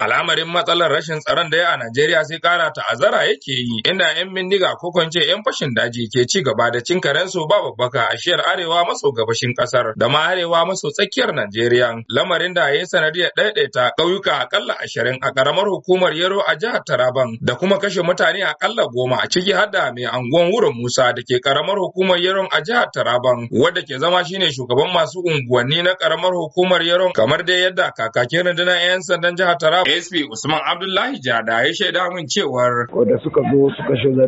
Al'amarin matsalar rashin tsaron da ya a Najeriya sai kara azara yake yi, inda 'yan bindiga ko kwance 'yan fashin daji ke ci gaba da cin karensu ba babbaka a shiyar arewa maso gabashin kasar da ma arewa maso tsakiyar Najeriya. Lamarin da ya yi sanadiyar ɗaiɗaita ƙauyuka akalla ashirin a ƙaramar hukumar yaro a jihar Taraban da kuma kashe mutane akalla goma a ciki har da mai anguwan wurin Musa da ke ƙaramar hukumar Yero a jihar Taraban wadda ke zama shine shugaban masu unguwanni na ƙaramar hukumar Yero kamar dai yadda kakakin rundunar 'yan sandan jihar Taraban asp usman abdullahi jada ya shaida min cewar Wanda suka zo suka shiga